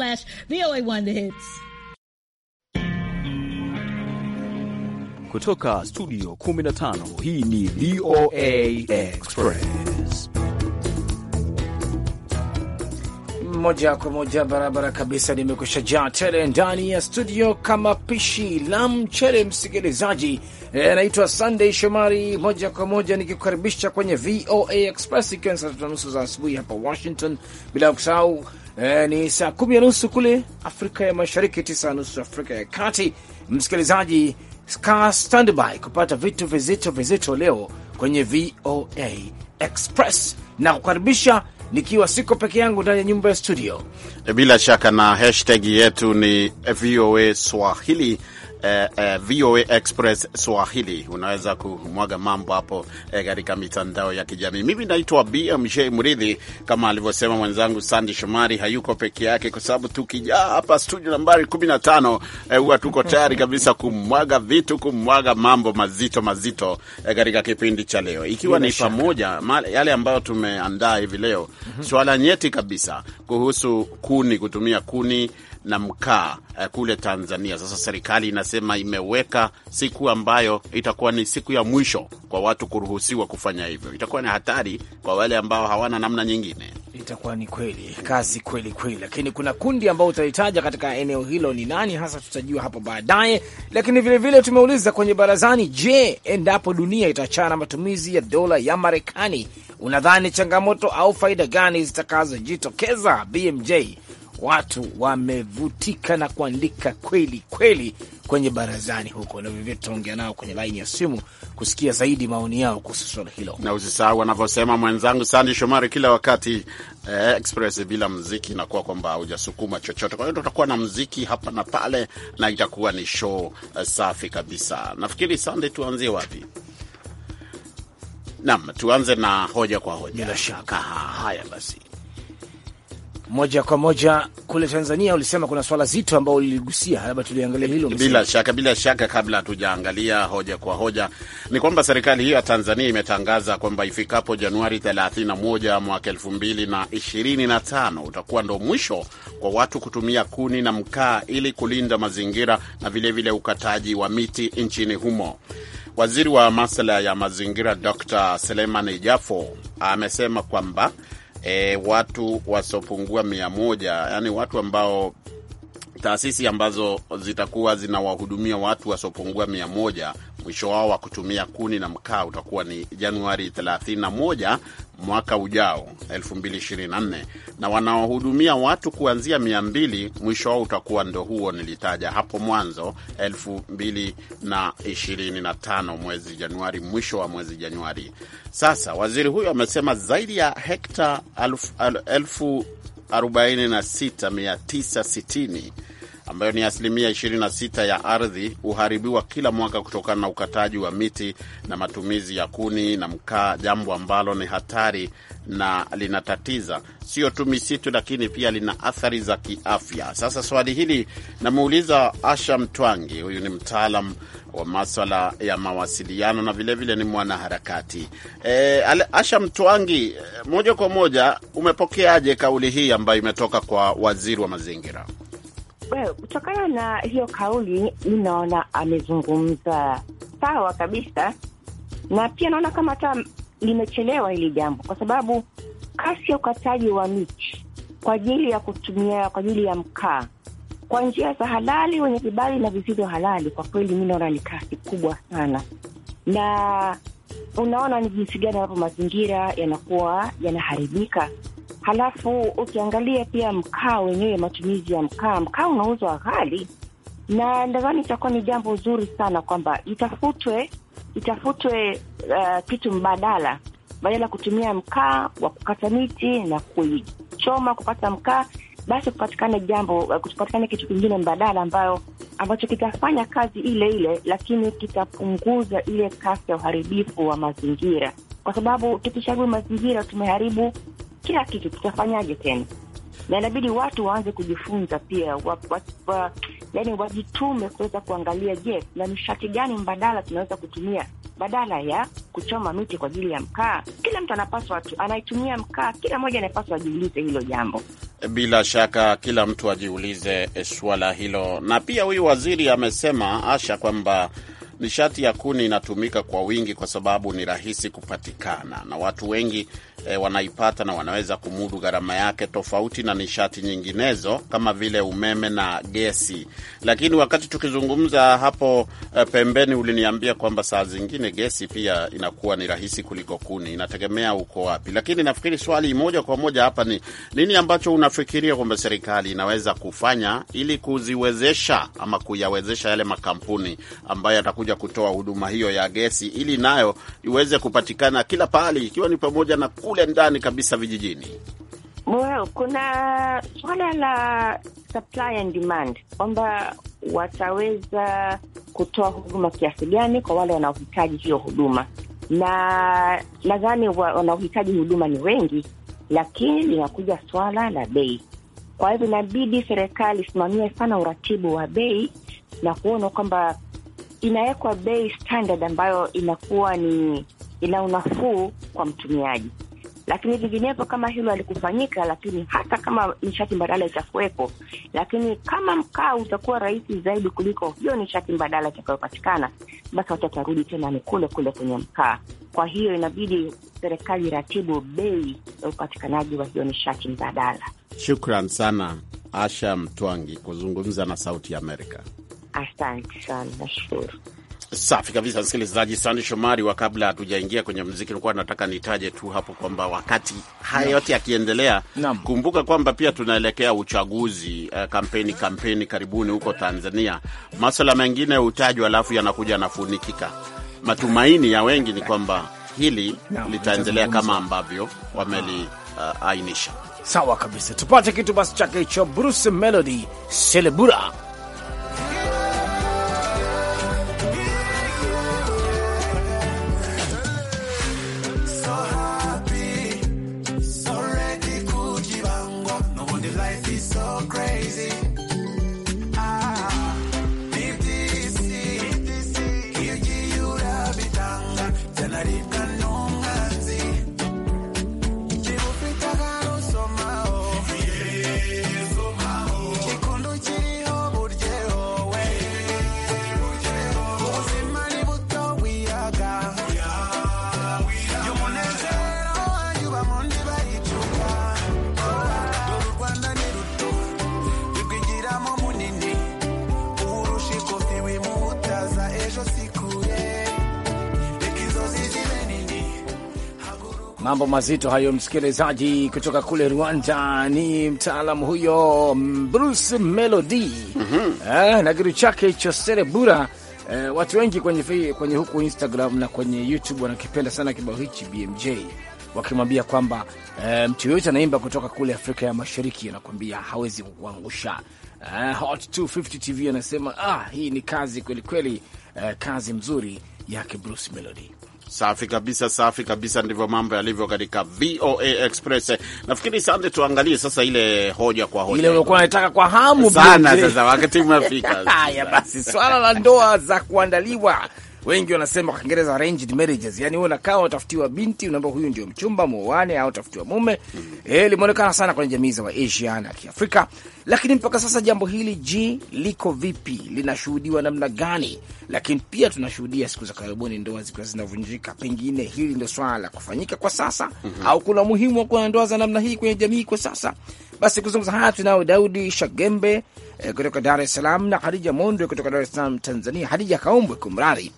slash VOA1 The Hits. Kutoka studio 15 hii ni VOA Express moja kwa moja barabara kabisa, nimekusha jaa tele ndani ya studio kama pishi la mchele. Msikilizaji anaitwa e, Sunday Shomari, moja kwa moja nikikukaribisha kwenye VOA Express ikiwa ni saa tatu na nusu za asubuhi hapa Washington, bila kusahau E, ni saa kumi na nusu kule Afrika ya Mashariki, tisa na nusu Afrika ya Kati. Msikilizaji ska standby kupata vitu vizito vizito leo kwenye VOA Express na kukaribisha nikiwa siko peke yangu ndani ya nyumba ya studio, eh, bila shaka na hashtag yetu ni VOA Swahili eh, eh, VOA Express Swahili. Unaweza kumwaga mambo hapo eh, katika eh, mitandao ya kijamii. Mimi naitwa BMJ Mridhi, kama alivyosema mwenzangu Sandi Shomari, hayuko peke yake kwa sababu tukijaa hapa studio nambari 15 eh, huwa tuko tayari kabisa kumwaga vitu, kumwaga mambo mazito mazito eh, katika eh, kipindi cha leo, ikiwa ni pamoja yale ambayo tumeandaa hivi leo, mhm. swala nyeti kabisa kuhusu kuni, kutumia kuni na mkaa eh, kule Tanzania. Sasa serikali inasema imeweka siku ambayo itakuwa ni siku ya mwisho kwa watu kuruhusiwa kufanya hivyo. Itakuwa ni hatari kwa wale ambao hawana namna nyingine. Itakuwa ni kweli kazi kweli kweli, lakini kuna kundi ambao utalitaja katika eneo hilo ni nani hasa, tutajua hapo baadaye. Lakini vilevile vile tumeuliza kwenye barazani, je, endapo dunia itaachana matumizi ya dola ya Marekani, unadhani changamoto au faida gani zitakazojitokeza? BMJ watu wamevutika na kuandika kweli kweli kwenye barazani huko, na vivyo tutaongea nao kwenye laini ya simu kusikia zaidi maoni yao kuhusu swala hilo. Na usisahau anavyosema mwenzangu Sandi Shomari kila wakati eh, Express bila mziki inakuwa kwamba hujasukuma chochote. Kwa hiyo tutakuwa na mziki hapa na pale na itakuwa ni show eh, safi kabisa. Nafikiri Sandi, tuanzie wapi? Naam, tuanze na hoja kwa hoja. Bila shaka. Haya basi moja kwa moja kule Tanzania, ulisema kuna swala zito ambao uliligusia, labda tuliangalia hilo. Bila shaka, bila shaka, kabla hatujaangalia hoja kwa hoja, ni kwamba serikali hiyo ya Tanzania imetangaza kwamba ifikapo Januari 31 mwaka 2025 utakuwa ndo mwisho kwa watu kutumia kuni na mkaa ili kulinda mazingira na vilevile vile ukataji wa miti nchini humo. Waziri wa masuala ya mazingira Dr. Selemani Jafo amesema kwamba e, watu wasiopungua mia moja yani watu ambao taasisi ambazo zitakuwa zinawahudumia watu wasiopungua mia moja Mwisho wao wa kutumia kuni na mkaa utakuwa ni Januari 31 mwaka ujao 2024, na wanaohudumia watu kuanzia 200 mwisho wao utakuwa ndo huo nilitaja hapo mwanzo 2025, mwezi Januari, mwisho wa mwezi Januari. Sasa waziri huyo amesema zaidi ya hekta 46960 ambayo ni asilimia 26 ya ardhi huharibiwa kila mwaka kutokana na ukataji wa miti na matumizi ya kuni na mkaa, jambo ambalo ni hatari na linatatiza sio tu misitu, lakini pia lina athari za kiafya. Sasa swali hili namuuliza Asha Mtwangi, huyu ni mtaalam wa maswala ya mawasiliano na vilevile vile ni mwanaharakati e, Asha Mtwangi, moja kwa moja, umepokeaje kauli hii ambayo imetoka kwa waziri wa mazingira? Eh, kutokana na hiyo kauli, mi naona amezungumza sawa kabisa, na pia naona kama hata limechelewa hili jambo, kwa sababu kasi ya ukataji wa miti kwa ajili ya kutumia kwa ajili ya mkaa kwa njia za halali, wenye vibali na visivyo halali, kwa kweli mi naona ni kasi kubwa sana, na unaona ni jinsi gani ambapo mazingira yanakuwa yanaharibika Halafu ukiangalia pia mkaa wenyewe, matumizi ya mkaa, mkaa unauzwa ghali, na nadhani itakuwa ni jambo zuri sana kwamba itafutwe itafutwe uh, kitu mbadala badala ya kutumia mkaa wa kukata miti na kuichoma kupata mkaa, basi kupatikane jambo, kupatikane kitu kingine mbadala ambayo ambacho kitafanya kazi ile ile, lakini kitapunguza ile kasi ya uharibifu wa mazingira, kwa sababu tukisharibu mazingira tumeharibu kila kitu tutafanyaje tena? Na inabidi watu waanze kujifunza pia wa, wa, wa, yani wajitume kuweza kuangalia, je, na nishati gani mbadala tunaweza kutumia badala ya kuchoma miti kwa ajili ya mkaa. Kila mtu anapaswa tu, anaitumia mkaa, kila mmoja anapaswa ajiulize hilo jambo. Bila shaka kila mtu ajiulize eh, suala hilo, na pia huyu waziri amesema Asha kwamba Nishati ya kuni inatumika kwa wingi kwa sababu ni rahisi kupatikana na watu wengi e, wanaipata na wanaweza kumudu gharama yake, tofauti na nishati nyinginezo kama vile umeme na gesi. Lakini wakati tukizungumza hapo e, pembeni, uliniambia kwamba saa zingine gesi pia inakuwa ni rahisi kuliko kuni, inategemea uko wapi. Lakini nafikiri swali moja kwa moja hapa ni nini ambacho unafikiria kwamba serikali inaweza kufanya ili kuziwezesha ama kuyawezesha yale makampuni ambayo yatakuja kuja kutoa huduma hiyo ya gesi, ili nayo iweze kupatikana kila pahali, ikiwa ni pamoja na kule ndani kabisa vijijini. Well, kuna swala la supply and demand kwamba wataweza kutoa huduma kiasi gani kwa wale wanaohitaji hiyo huduma, na nadhani wanaohitaji huduma ni wengi, lakini linakuja swala la bei. Kwa hivyo inabidi serikali isimamie sana uratibu wa bei na kuona kwamba inawekwa bei standard ambayo inakuwa ni ina unafuu kwa mtumiaji, lakini vinginevyo kama hilo halikufanyika, lakini hata kama nishati mbadala itakuwepo, lakini kama mkaa utakuwa rahisi zaidi kuliko hiyo nishati mbadala itakayopatikana, basi watu watarudi tena ni kule kule kwenye mkaa. Kwa hiyo inabidi serikali iratibu bei ya upatikanaji wa hiyo nishati mbadala. Shukran sana Asha Mtwangi kuzungumza na Sauti ya Amerika. Asante sana, nashukuru. Safi kabisa, msikilizaji. Sande Shomari wa kabla hatujaingia kwenye mziki, nilikuwa nataka nitaje tu hapo kwamba wakati haya no. yote yakiendelea, kumbuka kwamba pia tunaelekea uchaguzi, uh, kampeni kampeni karibuni huko Tanzania. Maswala mengine hutajwa alafu yanakuja yanafunikika. Matumaini ya wengi ni kwamba hili no. litaendelea kama ambavyo wameliainisha. Eh, uh, sawa kabisa, tupate kitu basi chake hicho Bruce Melody Selebura. Mambo mazito hayo, msikilizaji, kutoka kule Rwanda. Ni mtaalamu huyo mm, Bruce Melody mm -hmm. eh, na kitu chake hicho Serebura. Eh, watu wengi kwenye, kwenye huku Instagram na kwenye YouTube wanakipenda sana kibao hichi BMJ, wakimwambia kwamba eh, mtu yoyote anaimba kutoka kule Afrika ya Mashariki anakuambia hawezi kukuangusha. Eh, Hot 250 TV anasema ah, hii ni kazi kwelikweli kweli, eh, kazi mzuri yake Bruce Melody. Safi kabisa, safi kabisa, ndivyo mambo yalivyo katika VOA Express. Nafikiri sande, tuangalie sasa ile hoja kwa hoja ile ulikuwa unataka kwa hamu sana. Sasa wakati umefika. Haya basi, swala la ndoa za kuandaliwa wengi wanasema kwa Kiingereza arranged marriages, yani wewe unakaa unatafutiwa binti, unaomba huyu ndio mchumba muoane, au tafutiwa mume mm -hmm. Eh, limeonekana sana kwenye jamii za Asia na Kiafrika, lakini mpaka sasa jambo hili ji liko vipi, linashuhudiwa namna gani? Lakini pia tunashuhudia siku za karibuni ndoa zikiwa zinavunjika. Pengine hili ndio swala la kufanyika kwa sasa mm -hmm. au kuna umuhimu wa kuwa na ndoa za namna hii kwenye jamii kwa sasa? Basi kuzungumza haya tunao Daudi Shagembe Eh, kutoka Dar es Salaam na Hadija Mondwe kutoka Dar es Salaam Tanzania, Hadija Kaombwe kumradhi,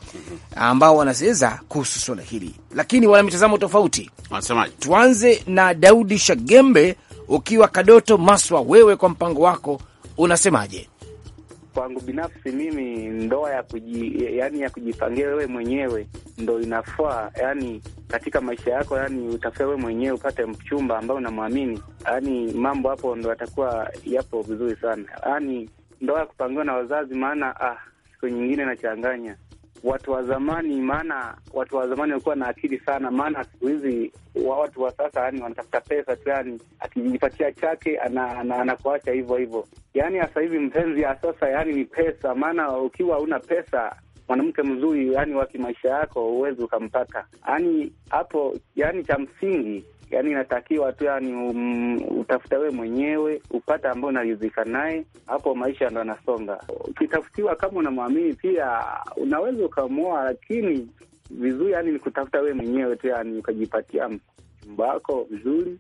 ambao wanaseza kuhusu swala hili, lakini wana mitazamo tofauti. Wanasemaje? Tuanze na Daudi Shagembe, ukiwa Kadoto Maswa, wewe kwa mpango wako unasemaje? kwangu binafsi mimi ndoa ya kuji, yani ya kujipangia wewe mwenyewe ndo inafaa, yani katika maisha yako, yani utafika wewe mwenyewe upate mchumba ambaye unamwamini, yani mambo hapo ndo yatakuwa yapo vizuri sana, yani ndoa ya kupangiwa na wazazi, maana ah, siku nyingine nachanganya watu wa zamani, maana watu wa zamani walikuwa na akili sana, maana siku hizi watu wa sasa yani wanatafuta pesa tu, yani akijipatia chake anakuacha ana, hivyo hivyo. Yani sasa hivi mpenzi ya sasa yani ni pesa, maana ukiwa una pesa mwanamke mzuri yani wa kimaisha yako huwezi ukampata, yani hapo yani cha msingi yani inatakiwa tu yani um, utafuta we mwenyewe upate ambao unaridhika naye, hapo maisha ndo anasonga. Ukitafutiwa kama unamwamini pia unaweza ukamwoa, lakini vizuri yani ni kutafuta we mwenyewe tu yani ukajipatia mchumba wako vizuri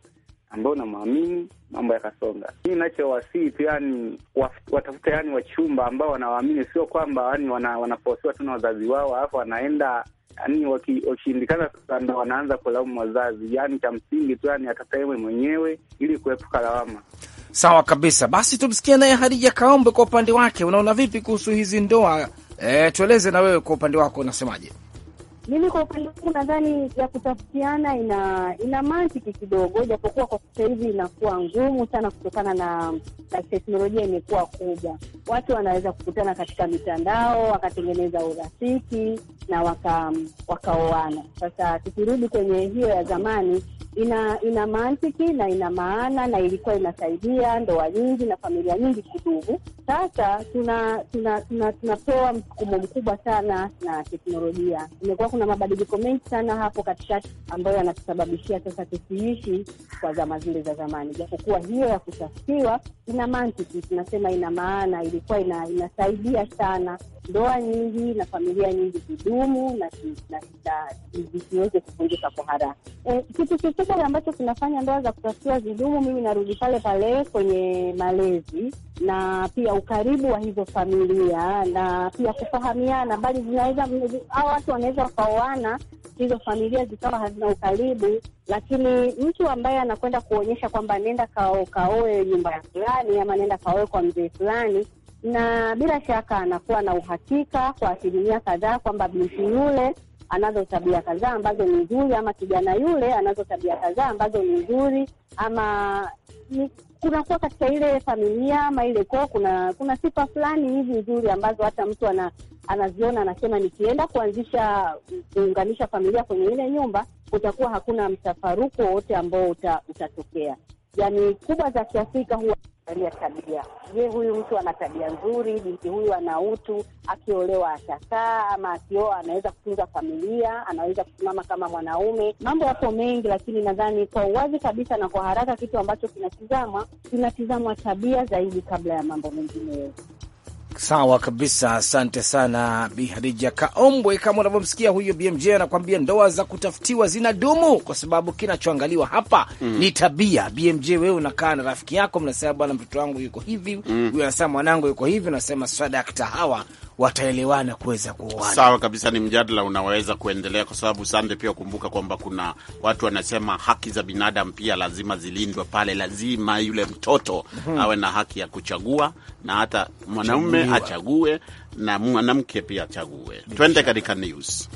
ambao unamwamini, mambo yakasonga. Hii nachowasii tu yani watafuta yani wachumba ambao wanawaamini, sio kwamba yani wanaposiwa tu na wazazi wao alafu wanaenda yani wakishindikana sasa ndo wanaanza kulaumu wazazi. Yani cha msingi tu yani atasema mwenyewe ili kuepuka lawama. Sawa kabisa. Basi tumsikie naye Hadija Kaombe, kwa upande wake unaona vipi kuhusu hizi ndoa? E, tueleze na wewe kwa upande wako unasemaje? Mimi kwa upande wangu nadhani ya kutafutiana ina ina mantiki kidogo, japokuwa kwa sasa hivi inakuwa ngumu sana kutokana na, na teknolojia imekuwa kubwa. Watu wanaweza kukutana katika mitandao wakatengeneza urafiki na wakaoana waka. Sasa tukirudi kwenye hiyo ya zamani, ina ina mantiki na ina maana na ilikuwa inasaidia ndoa nyingi na familia nyingi kudumu. Sasa tuna tunapewa tuna, tuna, tuna msukumo mkubwa sana na teknolojia. Imekuwa kuna mabadiliko mengi sana hapo katikati ambayo yanatusababishia sasa tusiishi kwa zama zile za zamani, japokuwa hiyo ya kutafsiriwa ina mantiki, tunasema ina maana, ilikuwa ina, inasaidia sana ndoa nyingi na familia nyingi kudumu na zisiweze kuvunjika kwa haraka. E, kitu Kile ambacho kinafanya ndoa za kutafutia zidumu, mimi narudi pale pale kwenye malezi na pia ukaribu wa hizo familia na pia kufahamiana, bali zinaweza au watu wanaweza wakaoana, hizo familia zikawa hazina ukaribu, lakini mtu ambaye anakwenda kuonyesha kwamba nenda kaoe nyumba ya fulani ama nenda kaoe kwa mzee fulani na bila shaka anakuwa na uhakika kwa asilimia kadhaa kwamba binti yule anazo tabia kadhaa ambazo ni nzuri, ama kijana yule anazo tabia kadhaa ambazo ni nzuri, ama ni kunakuwa katika ile familia ama ile koo, kuna kuna sifa fulani hivi nzuri ambazo hata mtu ana, anaziona anasema, nikienda kuanzisha kuunganisha familia kwenye ile nyumba kutakuwa hakuna mtafaruku wowote ambao utatokea. Yani kubwa za Kiafrika huwa ya tabia. Je, huyu mtu ana tabia nzuri? Binti huyu ana utu? Akiolewa atakaa ama akioa anaweza kutunza familia? Anaweza kusimama kama mwanaume? Mambo yapo mengi, lakini nadhani kwa uwazi kabisa na kwa haraka, kitu ambacho kinatizamwa kinatizamwa tabia zaidi kabla ya mambo mengine yote. Sawa kabisa, asante sana Bihadija Hadija Kaombwe. Kama unavyomsikia huyo BMJ anakuambia ndoa za kutafutiwa zina dumu kwa sababu kinachoangaliwa hapa mm. ni tabia. BMJ wewe unakaa na rafiki yako, mnasema bwana, mtoto wangu yuko hivi, huyo mm. anasema mwanangu yuko hivi, unasema swadakta hawa wataelewana kuweza kuoana. Sawa kabisa, ni mjadala unaweza kuendelea kwa sababu sande, pia kumbuka kwamba kuna watu wanasema haki za binadamu pia lazima zilindwe pale, lazima yule mtoto mm -hmm. awe na haki ya kuchagua na hata mwanaume achague na mwanamke pia achague. Twende katika news.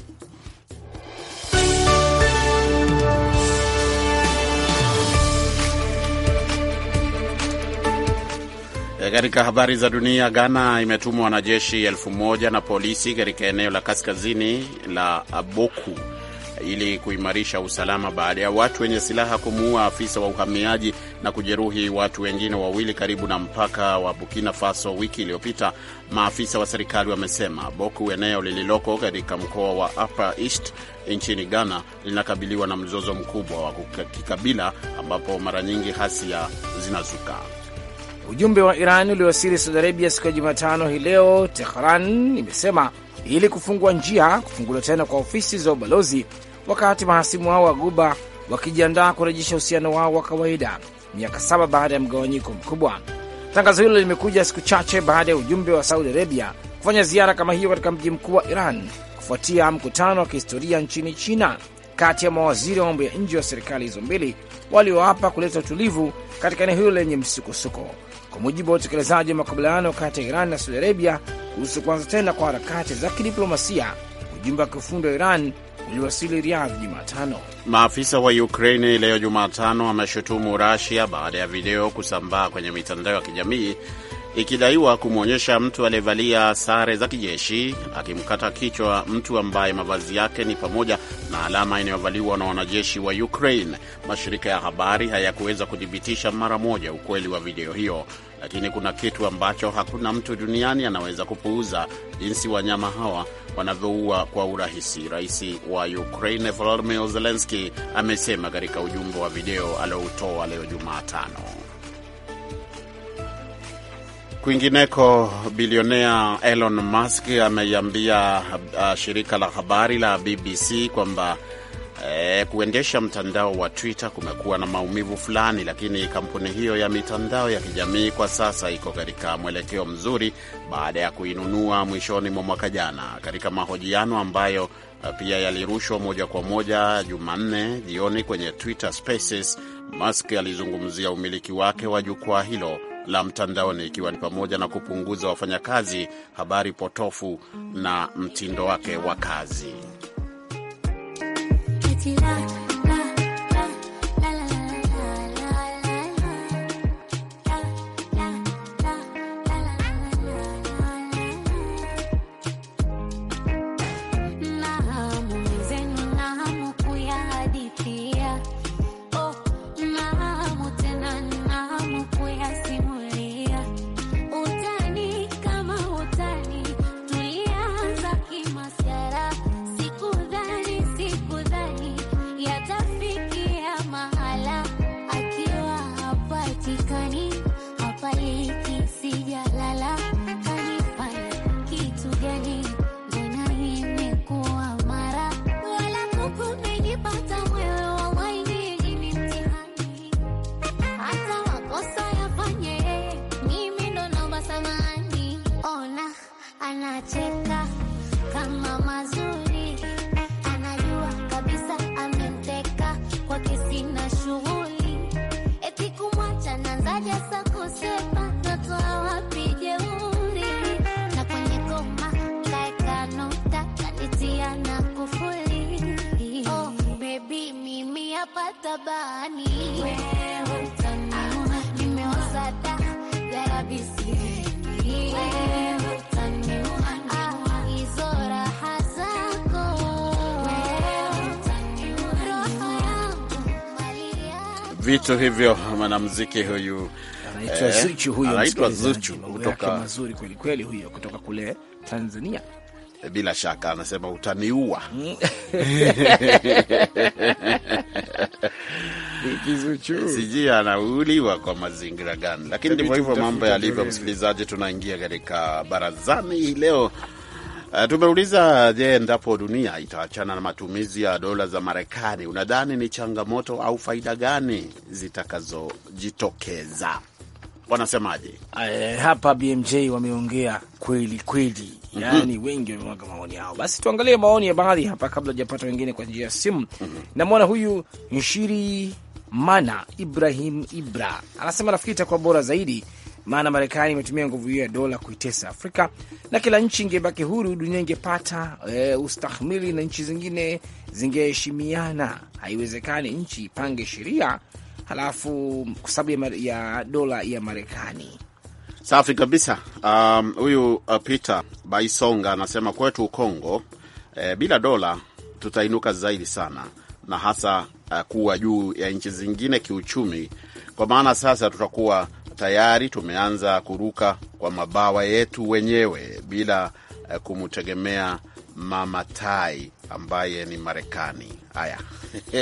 E, katika habari za dunia, Ghana imetumwa wanajeshi elfu moja na polisi katika eneo la kaskazini la Aboku ili kuimarisha usalama baada ya watu wenye silaha kumuua afisa wa uhamiaji na kujeruhi watu wengine wawili karibu na mpaka wa Burkina Faso wiki iliyopita, maafisa wa serikali wamesema. Boku, eneo lililoko katika mkoa wa Upper East nchini Ghana, linakabiliwa na mzozo mkubwa wa kikabila ambapo mara nyingi hasia zinazuka. Ujumbe wa Iran uliowasili Saudi Arabia siku ya Jumatano hii leo, Tehran imesema ili kufungua njia kufunguliwa tena kwa ofisi za ubalozi, wakati mahasimu wao wa Guba wakijiandaa kurejesha uhusiano wao wa kawaida miaka saba baada ya mgawanyiko mkubwa. Tangazo hilo limekuja siku chache baada ya ujumbe wa Saudi Arabia kufanya ziara kama hiyo katika mji mkuu wa Iran kufuatia mkutano wa kihistoria nchini China kati ya mawaziri wa mambo ya nje wa serikali hizo mbili walioapa kuleta utulivu katika eneo hilo lenye msukosuko kwa mujibu wa utekelezaji wa makubaliano kati ya Iran na Saudi Arabia kuhusu kuanza tena kwa harakati za kidiplomasia. Ujumbe wa kiufundi wa Iran uliwasili Riyadh Jumatano. Maafisa wa Ukraini leo Jumatano wameshutumu rasia baada ya video kusambaa kwenye mitandao ya kijamii ikidaiwa kumwonyesha mtu aliyevalia sare za kijeshi akimkata kichwa mtu ambaye mavazi yake ni pamoja na alama inayovaliwa na wanajeshi wa Ukraine. Mashirika ya habari hayakuweza kuthibitisha mara moja ukweli wa video hiyo lakini kuna kitu ambacho hakuna mtu duniani anaweza kupuuza, jinsi wanyama hawa wanavyoua kwa urahisi, rais wa Ukraine Volodymyr Zelensky amesema katika ujumbe wa video aliyoutoa leo Jumatano. Kwingineko, bilionea Elon Musk ameiambia uh, shirika la habari la BBC kwamba E, kuendesha mtandao wa Twitter kumekuwa na maumivu fulani, lakini kampuni hiyo ya mitandao ya kijamii kwa sasa iko katika mwelekeo mzuri baada ya kuinunua mwishoni mwa mwaka jana. Katika mahojiano ambayo eh, pia yalirushwa moja kwa moja Jumanne jioni kwenye Twitter Spaces, Musk alizungumzia umiliki wake wa jukwaa hilo la mtandaoni ikiwa ni pamoja na kupunguza wafanyakazi, habari potofu na mtindo wake wa kazi. tirar napata bani vitu hivyo. Mwanamuziki huyu anaitwa eh, Zuchu, huyo anaitwa Zuchu kutoka mazuri kwelikweli huyo kutoka kule Tanzania. Eh, bila shaka anasema utaniua. Mm. Sijui anauliwa kwa mazingira gani, lakini ndivyo hivyo mambo yalivyo. Msikilizaji, tunaingia katika barazani hii leo. Uh, tumeuliza je, endapo dunia itaachana na matumizi ya dola za Marekani, unadhani ni changamoto au faida gani zitakazojitokeza? Wanasemaje? Uh, hapa BMJ wameongea kweli kweli yani wengi wamemwaga maoni yao. Basi tuangalie maoni ya baadhi hapa kabla hajapata wengine kwa njia ya simu. Mhm. Namwona huyu Nshiri Mana Ibrahim Ibra anasema rafiki, itakuwa bora zaidi, maana Marekani imetumia nguvu hiyo ya dola kuitesa Afrika na kila nchi ingebaki huru, dunia ingepata e, ustahimili na nchi zingine zingeheshimiana. Haiwezekani nchi ipange sheria halafu kwa sababu ya, ya dola ya Marekani. Safi kabisa. Um, huyu um, Peter Baisonga anasema kwetu Kongo eh, bila dola tutainuka zaidi sana, na hasa uh, kuwa juu ya nchi zingine kiuchumi, kwa maana sasa tutakuwa tayari tumeanza kuruka kwa mabawa yetu wenyewe bila uh, kumtegemea mama tai ambaye ni Marekani. Haya,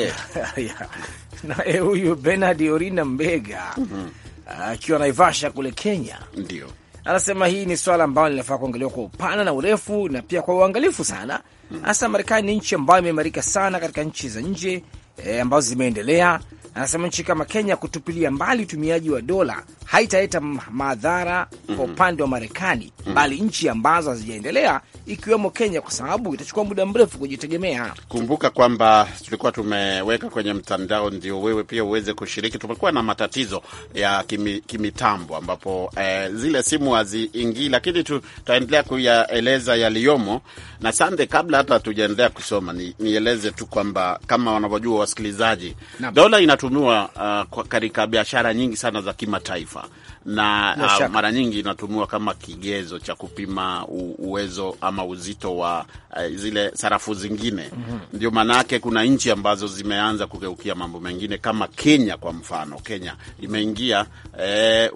naye eh, huyu Benard Orina Mbega mm -hmm akiwa Naivasha kule Kenya. Ndio anasema hii ni swala ambalo linafaa kuangaliwa kwa upana na urefu na pia kwa uangalifu sana, hmm. hasa Marekani ni nchi ambayo imeimarika sana katika nchi za nje e, ambazo zimeendelea. Anasema nchi kama Kenya kutupilia mbali utumiaji wa dola haitaleta madhara kwa mm -hmm. upande wa Marekani mm -hmm. bali nchi ambazo hazijaendelea ikiwemo Kenya, kwa sababu itachukua muda mrefu kujitegemea. Kumbuka kwamba tulikuwa tumeweka kwenye mtandao ndio wewe pia uweze kushiriki. Tumekuwa na matatizo ya kimitambo ambapo eh, zile simu haziingii, lakini tutaendelea kuyaeleza yaliyomo. Na Sande, kabla hata tujaendelea kusoma, nieleze ni tu kwamba kama wanavyojua wasikilizaji, dola inatumiwa uh, katika biashara nyingi sana za kimataifa na uh, mara nyingi inatumiwa kama kigezo cha kupima uwezo ama uzito wa uh, zile sarafu zingine. Mhm. Ndio maana kuna nchi ambazo zimeanza kugeukia mambo mengine kama Kenya. Kwa mfano, Kenya imeingia eh,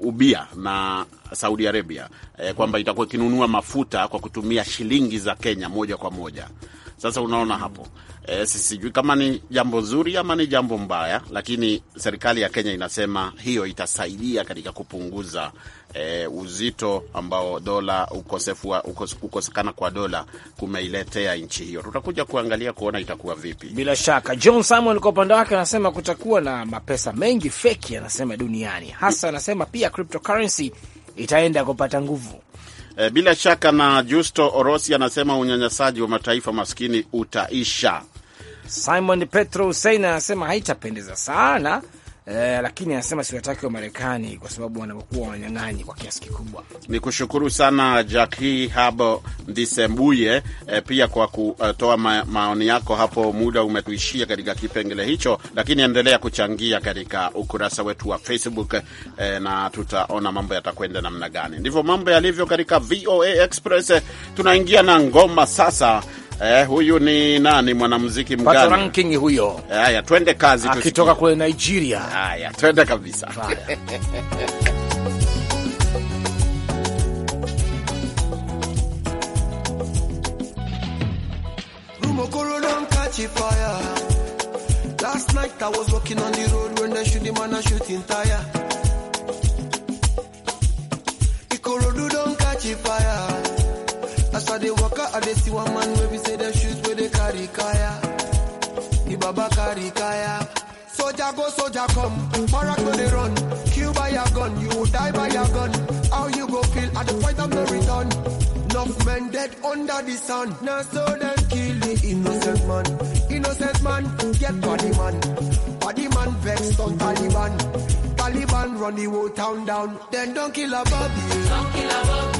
ubia na Saudi Arabia eh, kwamba itakuwa ikinunua mafuta kwa kutumia shilingi za Kenya moja kwa moja. Sasa unaona hapo E, sijui kama ni jambo zuri ama ni jambo mbaya, lakini serikali ya Kenya inasema hiyo itasaidia katika kupunguza e, uzito ambao dola ukosefu wa, ukos, ukosekana kwa dola kumeiletea nchi hiyo. Tutakuja kuangalia kuona itakuwa vipi. Bila shaka John Samuel kwa upande wake anasema kutakuwa na mapesa mengi feki, anasema duniani hasa, anasema pia cryptocurrency itaenda kupata nguvu. Eh, bila shaka na Justo Orosi anasema unyanyasaji wa mataifa maskini utaisha. Simon Petro Hussein anasema haitapendeza sana Eh, lakini anasema siwataki wa Marekani kwa sababu wanakuwa wanyang'anyi kwa kiasi kikubwa. Ni kushukuru sana Jaki Habo Ndisembuye eh, pia kwa kutoa ma maoni yako hapo. Muda umetuishia katika kipengele hicho, lakini endelea kuchangia katika ukurasa wetu wa Facebook eh, na tutaona mambo yatakwenda namna gani. Ndivyo mambo yalivyo katika VOA Express. Tunaingia na ngoma sasa Eh, huyu ni nani mwanamuziki mgani? Ranking huyo. Haya, twende kazi tu. Akitoka kule Nigeria. Haya, twende kabisa. Last night I was walking on the road when man shooting tire. Ikorodu catch fire. I dey walk out, I dey see one man where we say the shoes where they carry kaya. The baba carry kaya. Soldier go, soldier come. Morocco they run. Kill by your gun, you die by your gun. How you go feel at the point of no return? Enough men dead under the sun. Now so them kill the innocent man. Innocent man, get body man. Body man vexed on Taliban. Taliban run the whole town down. Then don't kill a baby. Don't kill a baby.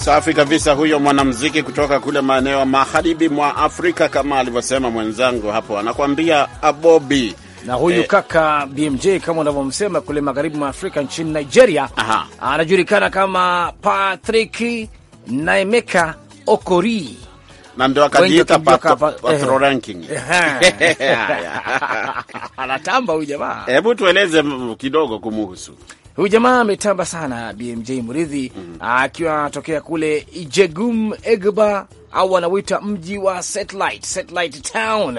Safi kabisa, huyo mwanamuziki kutoka kule maeneo magharibi mwa Afrika, kama alivyosema mwenzangu hapo, anakuambia Abobi na huyu e, kaka BMJ kama unavyomsema kule magharibi mwa Afrika nchini Nigeria, aha, anajulikana kama Patrick Naemeka Okori na ndio akajiita patro ranking anatamba huyu jamaa. Hebu tueleze kidogo kumuhusu huyu jamaa. Ametamba sana BMJ Muridhi mm. akiwa mm -hmm. anatokea kule Ijegum Egba au anawita mji wa satellite, satellite town.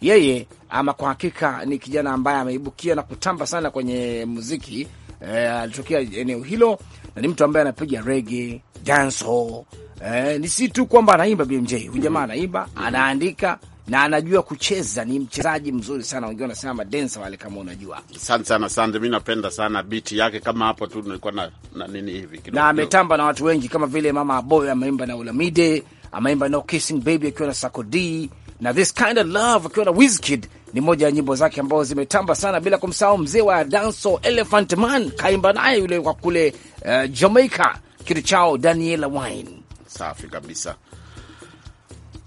Yeye yeah, yeah ama kwa hakika ni kijana ambaye ameibukia na kutamba sana kwenye muziki eh, alitokea eneo hilo na ni mtu ambaye anapiga rege dancehall. Eh, ni si tu kwamba anaimba BMJ, huyu jamaa anaimba, anaandika na anajua kucheza, ni mchezaji mzuri sana. Wengine wanasema madensa wale, kama unajua. Asante sana, Sande, Mi napenda sana biti yake, kama hapo tu nilikuwa na, na nini hivi kidogo, na ametamba na watu wengi kama vile Mama Aboy ameimba na Olamide, ameimba No Kissing Baby akiwa na Sarkodie na This Kind of Love akiwa na Wizkid ni moja ya nyimbo zake ambazo zimetamba sana, bila kumsahau mzee wa danso Elephant Man kaimba naye yule kwa kule uh, Jamaica, kitu chao Daniela Wine. Safi kabisa.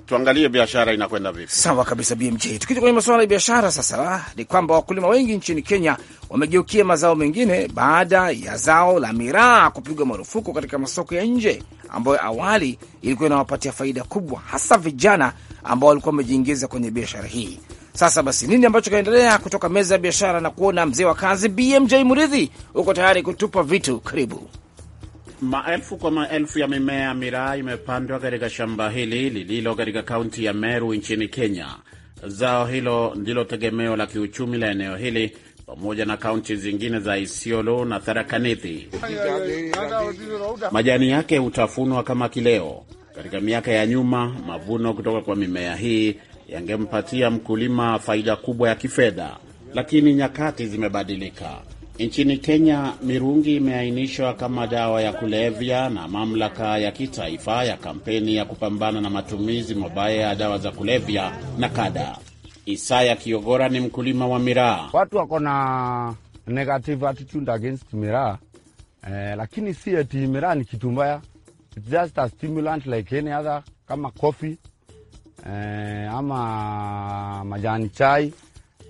Tuangalie biashara inakwenda vipi? Sawa kabisa BMJ. Tukija kwenye masuala ya biashara sasa, ni kwamba wakulima wengi nchini Kenya wamegeukia mazao mengine baada ya zao la miraa kupigwa marufuku katika masoko ya nje, ambayo awali ilikuwa inawapatia faida kubwa, hasa vijana ambao walikuwa wamejiingiza kwenye biashara hii. Sasa basi, nini ambacho kinaendelea kutoka meza ya biashara na kuona mzee wa kazi BMJ Muridhi uko tayari kutupa vitu. Karibu. Maelfu kwa maelfu ya mimea ya miraa imepandwa katika shamba hili lililo katika kaunti ya Meru nchini Kenya. Zao hilo ndilo tegemeo la kiuchumi la eneo hili pamoja na kaunti zingine za Isiolo na tharakanithi Majani yake hutafunwa kama kileo. Katika miaka ya nyuma, mavuno kutoka kwa mimea hii yangempatia mkulima faida kubwa ya kifedha, lakini nyakati zimebadilika. Nchini Kenya, mirungi imeainishwa kama dawa ya kulevya na mamlaka ya kitaifa ya kampeni ya kupambana na matumizi mabaya ya dawa za kulevya na kada. Isaya Kiogora ni mkulima wa miraa. Watu wako na negative attitude against miraa eh, lakini si eti miraa ni kitu mbaya, it's just a stimulant like any other, kama coffee eh, ama majani chai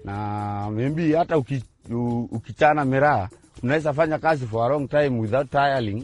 na maybe hata uki, u, ukichana miraa unaweza fanya kazi for a long time without tiring.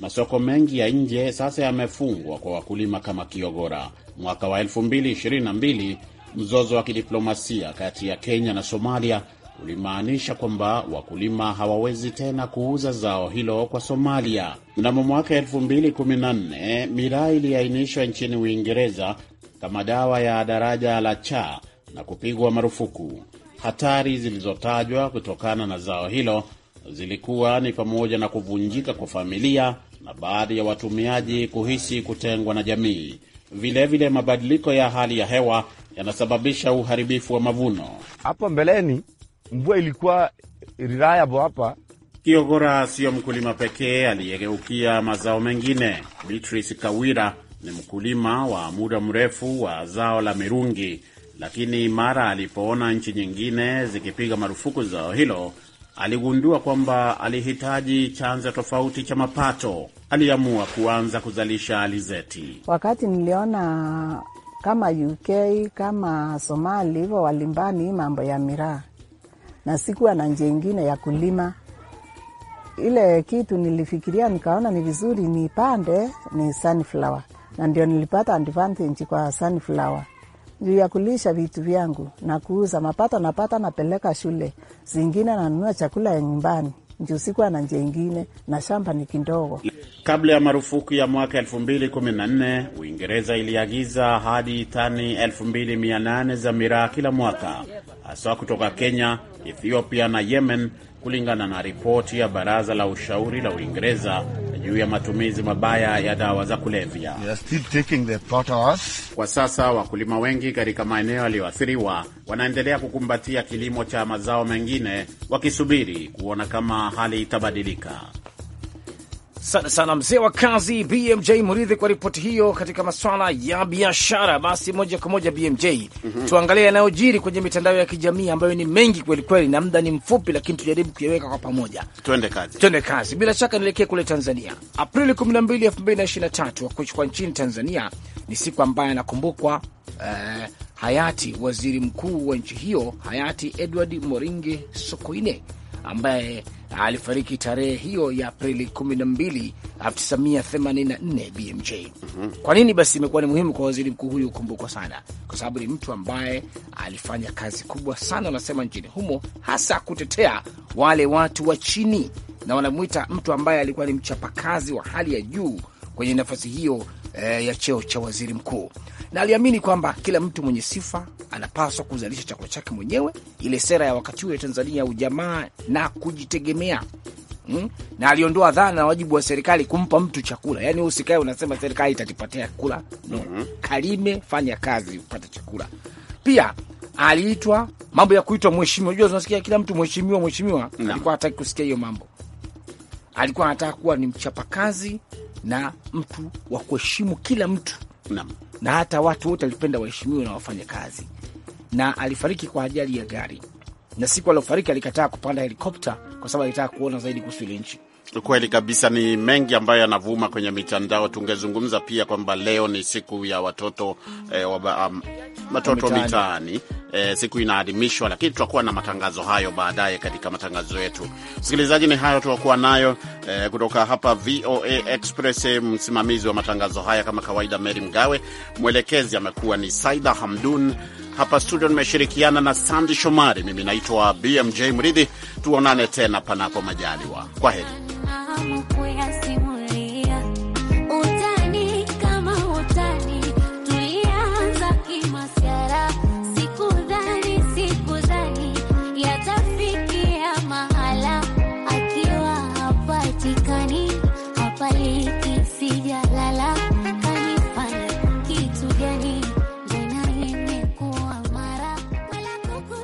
Masoko mengi ya nje sasa yamefungwa kwa wakulima kama Kiogora. Mwaka wa 2022 mzozo wa kidiplomasia kati ya Kenya na Somalia ulimaanisha kwamba wakulima hawawezi tena kuuza zao hilo kwa Somalia. Mnamo mwaka 2014 miraa iliainishwa nchini Uingereza kama dawa ya daraja la cha na kupigwa marufuku. Hatari zilizotajwa kutokana na zao hilo zilikuwa ni pamoja na kuvunjika kwa familia na baadhi ya watumiaji kuhisi kutengwa na jamii. Vilevile vile mabadiliko ya hali ya hewa yanasababisha uharibifu wa mavuno. Hapo mbeleni mvua ilikuwa reliable hapa. Kiogora siyo mkulima pekee aliyegeukia mazao mengine. Beatrice Kawira ni mkulima wa muda mrefu wa zao la mirungi, lakini mara alipoona nchi nyingine zikipiga marufuku zao hilo aligundua kwamba alihitaji chanzo tofauti cha mapato. Aliamua kuanza kuzalisha alizeti. Wakati niliona kama UK kama Somali hivyo walimbani hii mambo ya miraa, na sikuwa na njia ingine ya kulima ile kitu, nilifikiria nikaona ni vizuri pande ni sunflower na ndio nilipata advantage kwa sunflower juu ya kulisha vitu vyangu na kuuza mapato, napata napeleka shule, zingine nanunua chakula ya nyumbani juu sikuwa na njia ingine na shamba ni kidogo. Kabla ya marufuku ya mwaka 2014 Uingereza iliagiza hadi tani 2800 za miraa kila mwaka, haswa kutoka Kenya, Ethiopia na Yemen, kulingana na ripoti ya baraza la ushauri la Uingereza juu ya matumizi mabaya ya dawa za kulevya. Kwa sasa wakulima wengi katika maeneo yaliyoathiriwa wanaendelea kukumbatia kilimo cha mazao mengine wakisubiri kuona kama hali itabadilika. Asante sana mzee wa kazi BMJ Muridhi kwa ripoti hiyo katika maswala ya biashara. Basi moja kwa moja BMJ, mm -hmm. tuangalie yanayojiri kwenye mitandao ya kijamii ambayo ni mengi kwelikweli, na muda ni mfupi, lakini tujaribu kuyaweka kwa pamoja. Tuende kazi, tuende kazi. Bila shaka nielekee kule Tanzania. Aprili 12, 2023 kuchukua nchini Tanzania ni siku ambayo anakumbukwa eh, hayati waziri mkuu wa nchi hiyo hayati Edward Moringe Sokoine ambaye alifariki tarehe hiyo ya Aprili 12, 1984 BMJ. Mm -hmm. Kwa nini basi imekuwa ni muhimu kwa waziri mkuu huyu kukumbukwa sana? Kwa sababu ni mtu ambaye alifanya kazi kubwa sana, wanasema nchini humo, hasa kutetea wale watu wa chini, na wanamwita mtu ambaye alikuwa ni mchapakazi wa hali ya juu kwenye nafasi hiyo eh, ya cheo cha waziri mkuu, na aliamini kwamba kila mtu mwenye sifa anapaswa kuzalisha chakula chake mwenyewe, ile sera ya wakati huo ya Tanzania ya ujamaa na kujitegemea. Hmm? Na aliondoa dhana na wajibu wa serikali kumpa mtu chakula, yaani usikae unasema serikali itatipatia kula no. mm -hmm. Kalime, fanya kazi upate chakula. Pia aliitwa mambo ya kuitwa mheshimiwa, unajua tunasikia kila mtu mheshimiwa, mheshimiwa, alikuwa hataki kusikia hiyo mambo alikuwa anataka kuwa ni mchapakazi na mtu wa kuheshimu kila mtu na, na hata watu wote alipenda waheshimiwe na wafanye kazi, na alifariki kwa ajali ya gari, na siku aliofariki alikataa kupanda helikopta kwa sababu alitaka kuona zaidi kuhusu ile nchi. Kweli kabisa, ni mengi ambayo yanavuma kwenye mitandao. Tungezungumza pia kwamba leo ni siku ya watoto eh, waba, um, watoto mitaani eh, siku inaadhimishwa, lakini tutakuwa na matangazo hayo baadaye katika matangazo yetu. Msikilizaji, ni hayo tutakuwa nayo eh, kutoka hapa VOA Express. Eh, msimamizi wa matangazo haya kama kawaida Meri Mgawe, mwelekezi amekuwa ni Saida Hamdun. Hapa studio nimeshirikiana na Sandi Shomari. Mimi naitwa BMJ Mridhi. Tuonane tena panapo majaliwa. Kwa heri.